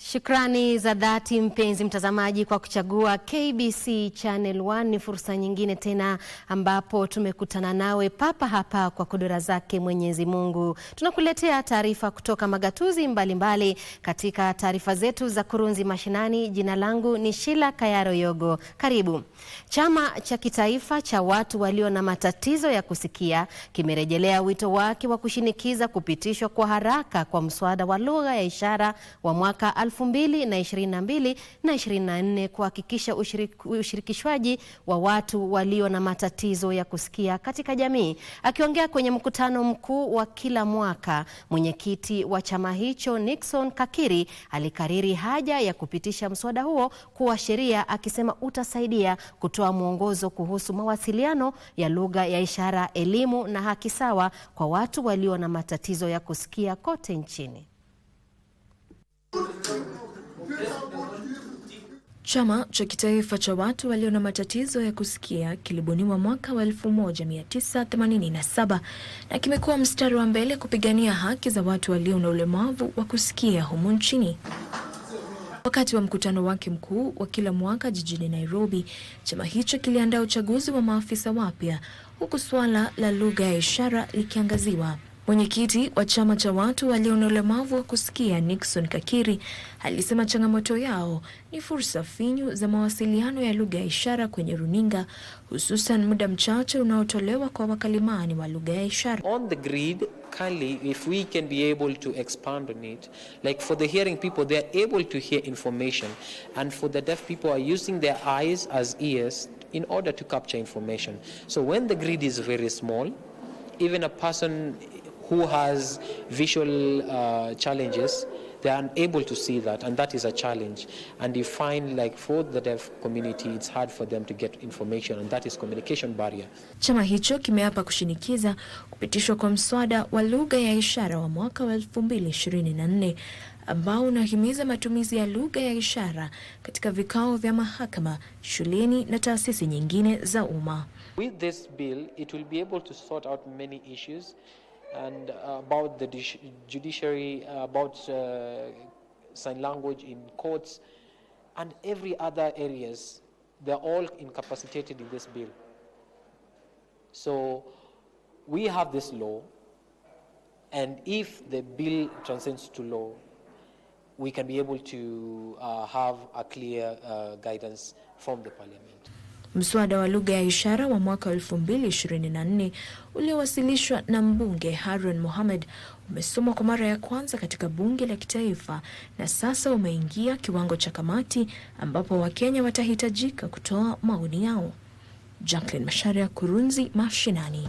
Shukrani za dhati mpenzi mtazamaji kwa kuchagua KBC Channel 1. Ni fursa nyingine tena ambapo tumekutana nawe papa hapa kwa kudura zake Mwenyezi Mungu. Tunakuletea taarifa kutoka magatuzi mbalimbali mbali katika taarifa zetu za Kurunzi Mashinani. Jina langu ni Shila Kayaro Yogo. Karibu. Chama cha kitaifa cha watu walio na matatizo ya kusikia kimerejelea wito wake wa kushinikiza kupitishwa kwa haraka kwa mswada wa lugha ya ishara wa mwaka 2022 na 24 kuhakikisha ushirikishwaji wa watu walio na matatizo ya kusikia katika jamii. Akiongea kwenye mkutano mkuu wa kila mwaka, mwenyekiti wa chama hicho Nixon Kakiri alikariri haja ya kupitisha mswada huo kuwa sheria, akisema utasaidia kutoa mwongozo kuhusu mawasiliano ya lugha ya ishara, elimu na haki sawa kwa watu walio na matatizo ya kusikia kote nchini. Chama cha kitaifa cha watu walio na matatizo ya kusikia kilibuniwa mwaka wa 1987 na kimekuwa mstari wa mbele kupigania haki za watu walio na ulemavu wa kusikia humu nchini. Wakati wa mkutano wake mkuu wa kila mwaka jijini Nairobi, chama hicho kiliandaa uchaguzi wa maafisa wapya, huku suala la lugha ya ishara likiangaziwa. Mwenyekiti wa chama cha watu walio na ulemavu wa kusikia Nixon Kakiri alisema changamoto yao ni fursa finyu za mawasiliano ya lugha ya ishara kwenye runinga, hususan muda mchache unaotolewa kwa wakalimani wa lugha ya ishara. On the grid, kali. if we can be able to expand on it, like for the hearing people, they are able to hear information and for the deaf people are using their eyes as ears in order to capture information. So when the grid is very small, even a person who has visual uh, challenges they are unable to see that and that is a challenge and you find like for the deaf community it's hard for them to get information and that is communication barrier. Chama hicho kimeapa kushinikiza kupitishwa kwa mswada wa lugha ya ishara wa mwaka wa 2024 ambao unahimiza matumizi ya lugha ya ishara katika vikao vya mahakama, shuleni na taasisi nyingine za umma. With this bill it will be able to sort out many issues and about the judiciary, about uh, sign language in courts, and every other areas. They're all incapacitated in this bill. So we have this law, and if the bill transcends to law, we can be able to uh, have a clear uh, guidance from the parliament. Mswada wa lugha ya ishara wa mwaka 2024 uliowasilishwa na mbunge Harun Mohamed umesomwa kwa mara ya kwanza katika bunge la kitaifa na sasa umeingia kiwango cha kamati ambapo Wakenya watahitajika kutoa maoni yao. Jacqueline Masharia, Kurunzi Mashinani.